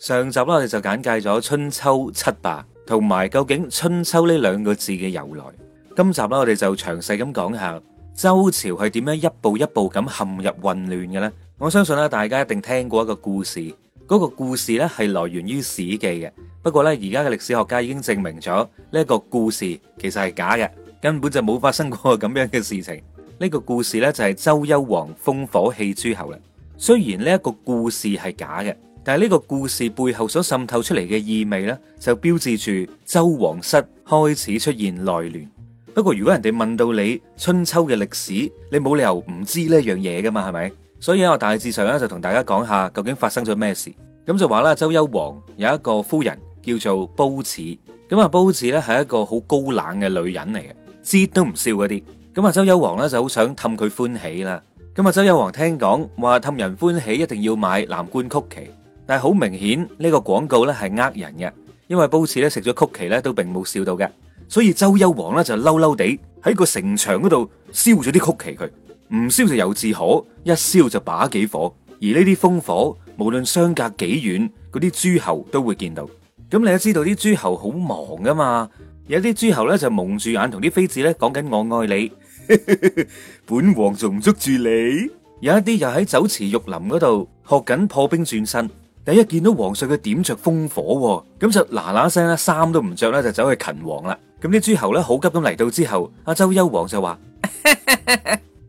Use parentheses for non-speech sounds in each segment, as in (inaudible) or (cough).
上集啦，我哋就簡介咗春秋七霸，同埋究竟春秋呢兩個字嘅由來。今集啦，我哋就詳細咁講下周朝係點樣一步一步咁陷入混亂嘅咧。我相信咧，大家一定聽過一個故事，嗰個故事咧係來源於史記嘅。不過咧，而家嘅歷史學家已經證明咗呢一個故事其實係假嘅，根本就冇發生過咁樣嘅事情。呢個故事咧就係周幽王烽火戲諸侯啦。雖然呢一個故事係假嘅。但係呢個故事背後所滲透出嚟嘅意味呢，就標誌住周王室開始出現內亂。不過如果人哋問到你春秋嘅歷史，你冇理由唔知呢一樣嘢噶嘛？係咪？所以我大致上呢，就同大家講下究竟發生咗咩事。咁就話啦，周幽王有一個夫人叫做褒姒，咁啊褒姒呢係一個好高冷嘅女人嚟嘅，笑都唔笑嗰啲。咁啊周幽王呢就好想氹佢歡喜啦。咁啊周幽王聽講話氹人歡喜一定要買藍罐曲奇。但係好明顯呢個廣告咧係呃人嘅，因為褒姒咧食咗曲奇咧都並冇笑到嘅，所以周幽王咧就嬲嬲地喺個城牆嗰度燒咗啲曲奇佢。唔燒就由自可，一燒就把幾火。而呢啲烽火無論相隔幾遠，嗰啲諸侯都會見到。咁你都知道啲諸侯好忙㗎嘛，有啲諸侯咧就蒙住眼同啲妃子咧講緊，我愛你，本王仲唔捉住你。有一啲又喺酒池肉林嗰度學緊破冰轉身。第一見到皇上佢點着烽火，咁就嗱嗱聲啦，衫都唔着啦，就走去勤王啦。咁啲諸侯咧好急咁嚟到之後，阿周幽王就話：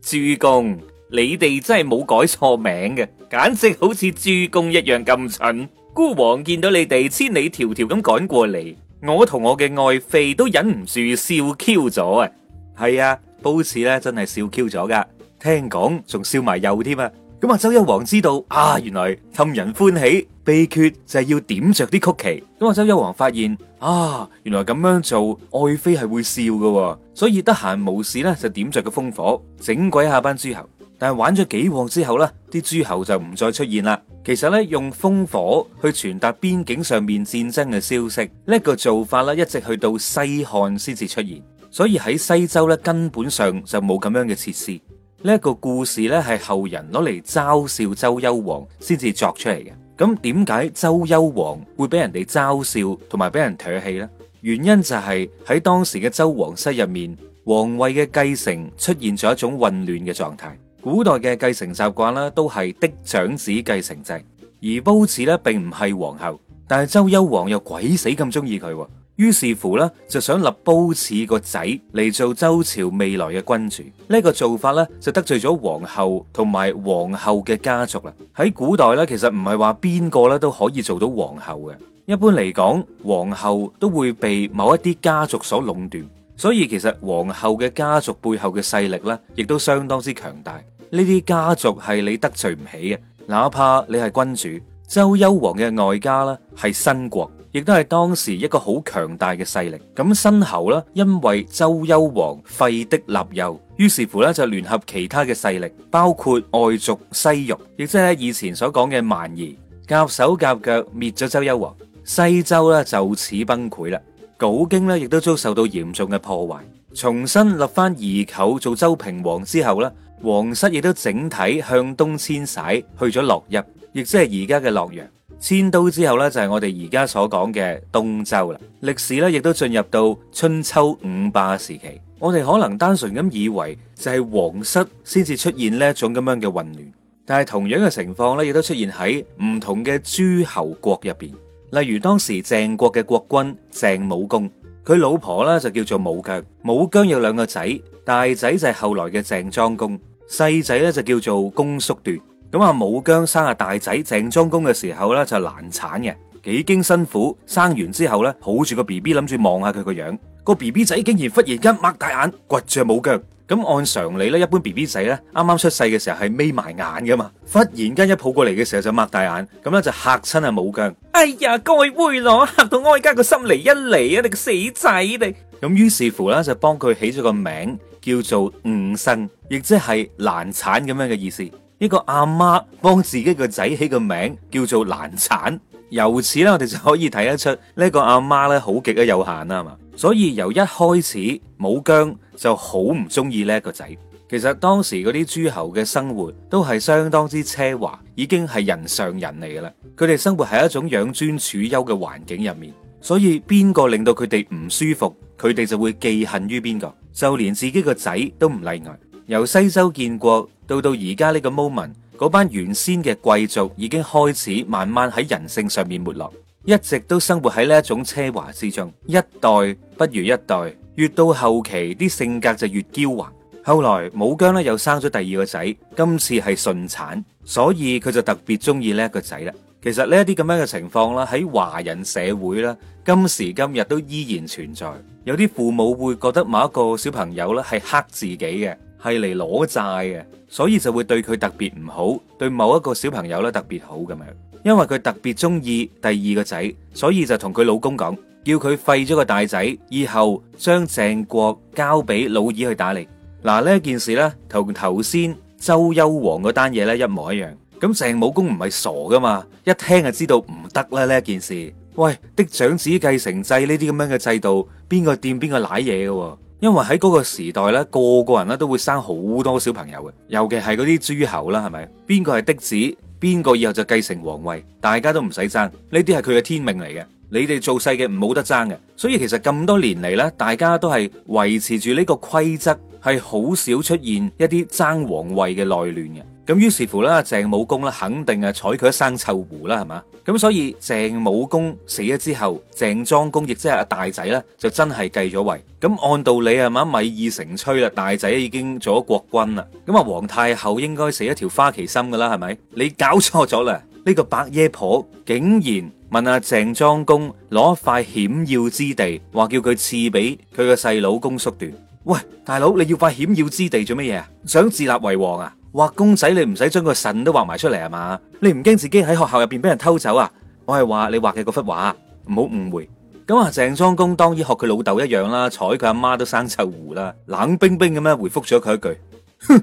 朱 (laughs) 公，你哋真係冇改錯名嘅，簡直好似朱公一樣咁蠢。孤王見到你哋千里迢迢咁趕過嚟，我同我嘅愛妃都忍唔住笑 Q 咗啊！係啊，褒姒咧真係笑 Q 咗噶，聽講仲笑埋又添啊！咁啊，周幽王知道啊，原來氹人歡喜秘訣就係要點着啲曲奇。咁啊，周幽王發現啊，原來咁樣做，愛妃係會笑嘅，所以得閒無事呢，就點着個烽火，整鬼下班諸侯。但係玩咗幾鑊之後呢，啲諸侯就唔再出現啦。其實呢，用烽火去傳達邊境上面戰爭嘅消息，呢個做法呢，一直去到西漢先至出現。所以喺西周呢，根本上就冇咁樣嘅設施。呢一個故事呢，係後人攞嚟嘲笑周幽王先至作出嚟嘅。咁點解周幽王會俾人哋嘲笑同埋俾人唾棄呢？原因就係喺當時嘅周皇室入面，王位嘅繼承出現咗一種混亂嘅狀態。古代嘅繼承習慣啦，都係嫡長子繼承制，而褒姒呢，並唔係皇后，但係周幽王又鬼死咁中意佢。於是乎咧，就想立褒姒個仔嚟做周朝未來嘅君主。呢一個做法咧，就得罪咗皇后同埋皇后嘅家族啦。喺古代咧，其實唔係話邊個咧都可以做到皇后嘅。一般嚟講，皇后都會被某一啲家族所壟斷。所以其實皇后嘅家族背後嘅勢力咧，亦都相當之強大。呢啲家族係你得罪唔起嘅，哪怕你係君主。周幽王嘅外家咧，係新國。亦都係當時一個好強大嘅勢力，咁申侯呢，因為周幽王廢嫡立幼，於是乎呢，就聯合其他嘅勢力，包括外族西戎，亦即係以前所講嘅蠻夷，夾手夾腳滅咗周幽王，西周呢，就此崩潰啦，鎬京呢，亦都遭受到嚴重嘅破壞，重新立翻宜臼做周平王之後呢，皇室亦都整體向東遷徙去咗洛邑。亦即係而家嘅洛陽遷都之後呢，就係我哋而家所講嘅東周啦。歷史呢，亦都進入到春秋五霸時期。我哋可能單純咁以為就係皇室先至出現呢一種咁樣嘅混亂，但係同樣嘅情況呢，亦都出現喺唔同嘅諸侯國入邊。例如當時鄭國嘅國君鄭武公，佢老婆呢就叫做武姜，武姜有兩個仔，大仔就係後來嘅鄭莊公，細仔呢就叫做公叔段。咁啊，武姜生阿大仔鄭莊公嘅時候咧，就難產嘅，幾經辛苦生完之後咧，抱住個 B B 諗住望下佢個樣，個 B B 仔竟然忽然間擘大眼，掘住武姜。咁按常理咧，一般 B B 仔咧，啱啱出世嘅時候係眯埋眼噶嘛，忽然間一抱過嚟嘅時候就擘大眼，咁咧就吓親阿武姜。哎呀，該會咯，吓到哀家個心嚟一嚟啊！你個死仔，你咁於是乎咧，就幫佢起咗個名叫做寤生，亦即係難產咁樣嘅意思。呢個阿媽幫自己個仔起個名叫做難產，由此咧我哋就可以睇得出呢、呢個阿媽咧好極得有限啊嘛，所以由一開始武姜就好唔中意呢一個仔。其實當時嗰啲諸侯嘅生活都係相當之奢華，已經係人上人嚟噶啦。佢哋生活喺一種養尊處優嘅環境入面，所以邊個令到佢哋唔舒服，佢哋就會記恨於邊個，就連自己個仔都唔例外。由西周建國。到到而家呢個 moment，嗰班原先嘅貴族已經開始慢慢喺人性上面沒落，一直都生活喺呢一種奢華之中，一代不如一代，越到後期啲性格就越嬌橫。後來武姜咧又生咗第二個仔，今次係順產，所以佢就特別中意呢一個仔啦。其實呢一啲咁樣嘅情況啦，喺華人社會啦，今時今日都依然存在，有啲父母會覺得某一個小朋友咧係黑自己嘅。係嚟攞債嘅，所以就會對佢特別唔好，對某一個小朋友咧特別好咁樣。因為佢特別中意第二個仔，所以就同佢老公講，叫佢廢咗個大仔，以後將鄭國交俾老二去打理。嗱呢一件事呢，同頭先周幽王嗰單嘢呢一模一樣。咁鄭武公唔係傻噶嘛，一聽就知道唔得啦呢一件事。喂，的長子繼承制呢啲咁樣嘅制度，邊個掂邊個舐嘢噶。因為喺嗰個時代呢，個個人咧都會生好多小朋友嘅，尤其係嗰啲諸侯啦，係咪？邊個係嫡子，邊個以後就繼承皇位，大家都唔使爭，呢啲係佢嘅天命嚟嘅。你哋做細嘅唔冇得爭嘅，所以其實咁多年嚟咧，大家都係維持住呢個規則，係好少出現一啲爭皇位嘅內亂嘅。咁於是乎咧，鄭武公咧肯定係採佢一生臭狐啦，係嘛？咁所以鄭武公死咗之後，鄭莊公亦即係阿大仔咧，就真係繼咗位。咁按道理係咪？米已成炊啦，大仔已經做咗國君啦。咁啊，皇太后應該死一條花旗心噶啦，係咪？你搞錯咗啦！呢、這個白爺婆竟然問阿、啊、鄭莊公攞一塊險要之地，話叫佢賜俾佢個細佬公叔段。喂，大佬，你要塊險要之地做乜嘢啊？想自立為王啊？畫公仔你唔使將個腎都畫埋出嚟係嘛？你唔驚自己喺學校入邊俾人偷走啊？我係話你畫嘅嗰幅畫，唔好誤會。咁啊，鄭莊公當然學佢老豆一樣啦，睬佢阿媽都生臭狐啦，冷冰冰咁樣回復咗佢一句：哼，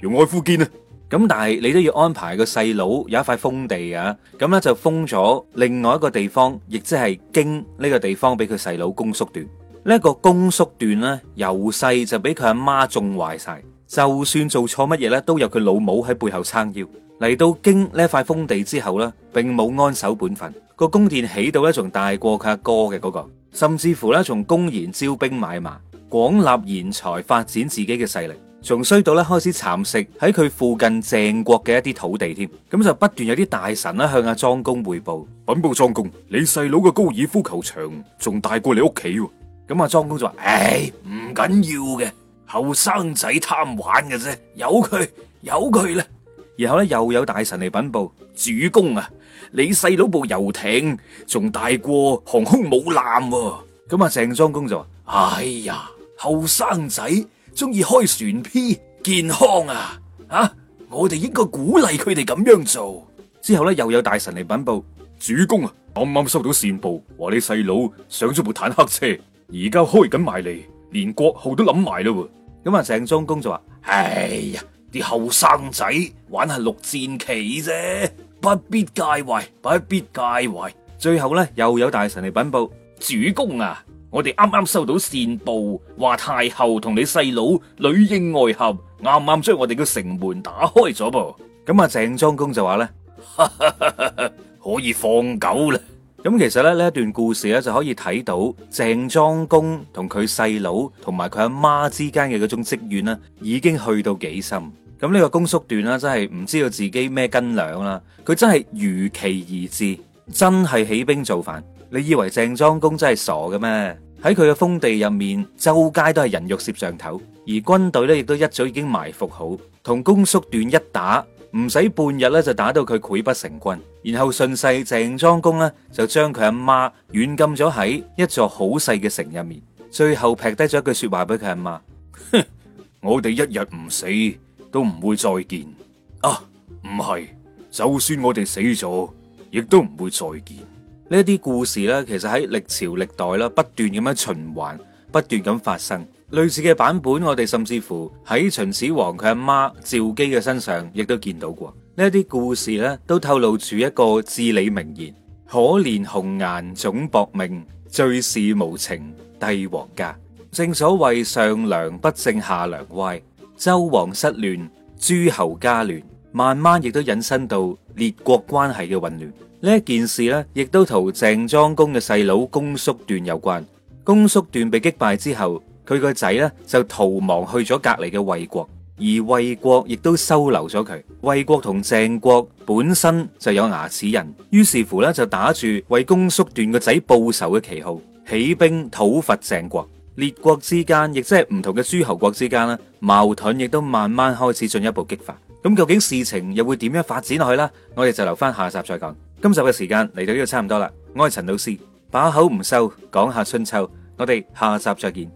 用愛夫堅啊！咁但係你都要安排個細佬有一塊封地啊！咁咧就封咗另外一個地方，亦即係京呢個地方俾佢細佬公叔段。呢個公叔段呢，由細就俾佢阿媽縱壞晒。就算做錯乜嘢咧，都有佢老母喺背後撐腰。嚟到京呢一塊封地之後呢，並冇安守本分，個宮殿起到呢，仲大過佢阿哥嘅嗰、那個，甚至乎呢，仲公然招兵買馬，廣納賢才發展自己嘅勢力，仲衰到呢，開始蠶食喺佢附近鄭國嘅一啲土地添。咁就不斷有啲大臣呢，向阿莊公匯報，禀報莊公：你細佬嘅高爾夫球場仲大過你屋企。咁阿莊公就話：唉、哎，唔緊要嘅。後生仔貪玩嘅啫，由佢由佢啦。然後咧又有大臣嚟稟報，主公啊，你細佬部遊艇仲大過航空母艦喎。咁啊鄭莊公就話：哎呀，後生仔中意開船 P，健康啊，啊，我哋應該鼓勵佢哋咁樣做。之後咧又有大臣嚟稟報，主公啊，啱啱收到線報，話你細佬上咗部坦克車，而家開緊埋嚟，連國號都諗埋啦。咁啊，鄭莊公就話：哎呀，啲後生仔玩下陸戰棋啫，不必介懷，不必介懷。最後咧，又有大臣嚟稟報：主公啊，我哋啱啱收到線報，話太后同你細佬內應外合，啱啱將我哋嘅城門打開咗噃。咁啊，鄭莊公就話咧， (laughs) 可以放狗啦。咁其實咧，呢一段故事咧就可以睇到鄭莊公同佢細佬同埋佢阿媽之間嘅嗰種積怨呢，已經去到幾深。咁呢個公叔段啦，真係唔知道自己咩斤兩啦，佢真係如期而至，真係起兵造反。你以為鄭莊公真係傻嘅咩？喺佢嘅封地入面，周街都係人肉攝像頭，而軍隊咧亦都一早已經埋伏好，同公叔段一打，唔使半日咧就打到佢潰不成軍。然後順勢，鄭莊公呢就將佢阿媽軟禁咗喺一座好細嘅城入面，最後劈低咗一句說話俾佢阿媽：哼， (laughs) 我哋一日唔死都唔會再見啊！唔係，就算我哋死咗，亦都唔會再見。呢啲故事咧，其實喺歷朝歷代啦，不斷咁樣循環，不斷咁發生。類似嘅版本，我哋甚至乎喺秦始皇佢阿媽趙姬嘅身上，亦都見到過呢啲故事咧，都透露住一個至理名言：可憐紅顏總薄命，最是無情帝王家。正所謂上梁不正下梁歪，周王室亂，諸侯家亂，慢慢亦都引申到列國關係嘅混亂。呢件事呢，亦都同鄭莊公嘅細佬公叔段有關。公叔段被擊敗之後。佢個仔咧就逃亡去咗隔籬嘅衛國，而衛國亦都收留咗佢。衛國同鄭國本身就有牙齒印，於是乎呢，就打住為公叔段個仔報仇嘅旗號，起兵討伐鄭國。列國之間亦即係唔同嘅諸侯國之間啦，矛盾亦都慢慢開始進一步激化。咁究竟事情又會點樣發展落去呢？我哋就留翻下集再講。今集嘅時間嚟到呢度差唔多啦。我係陳老師，把口唔收，講下春秋。我哋下集再見。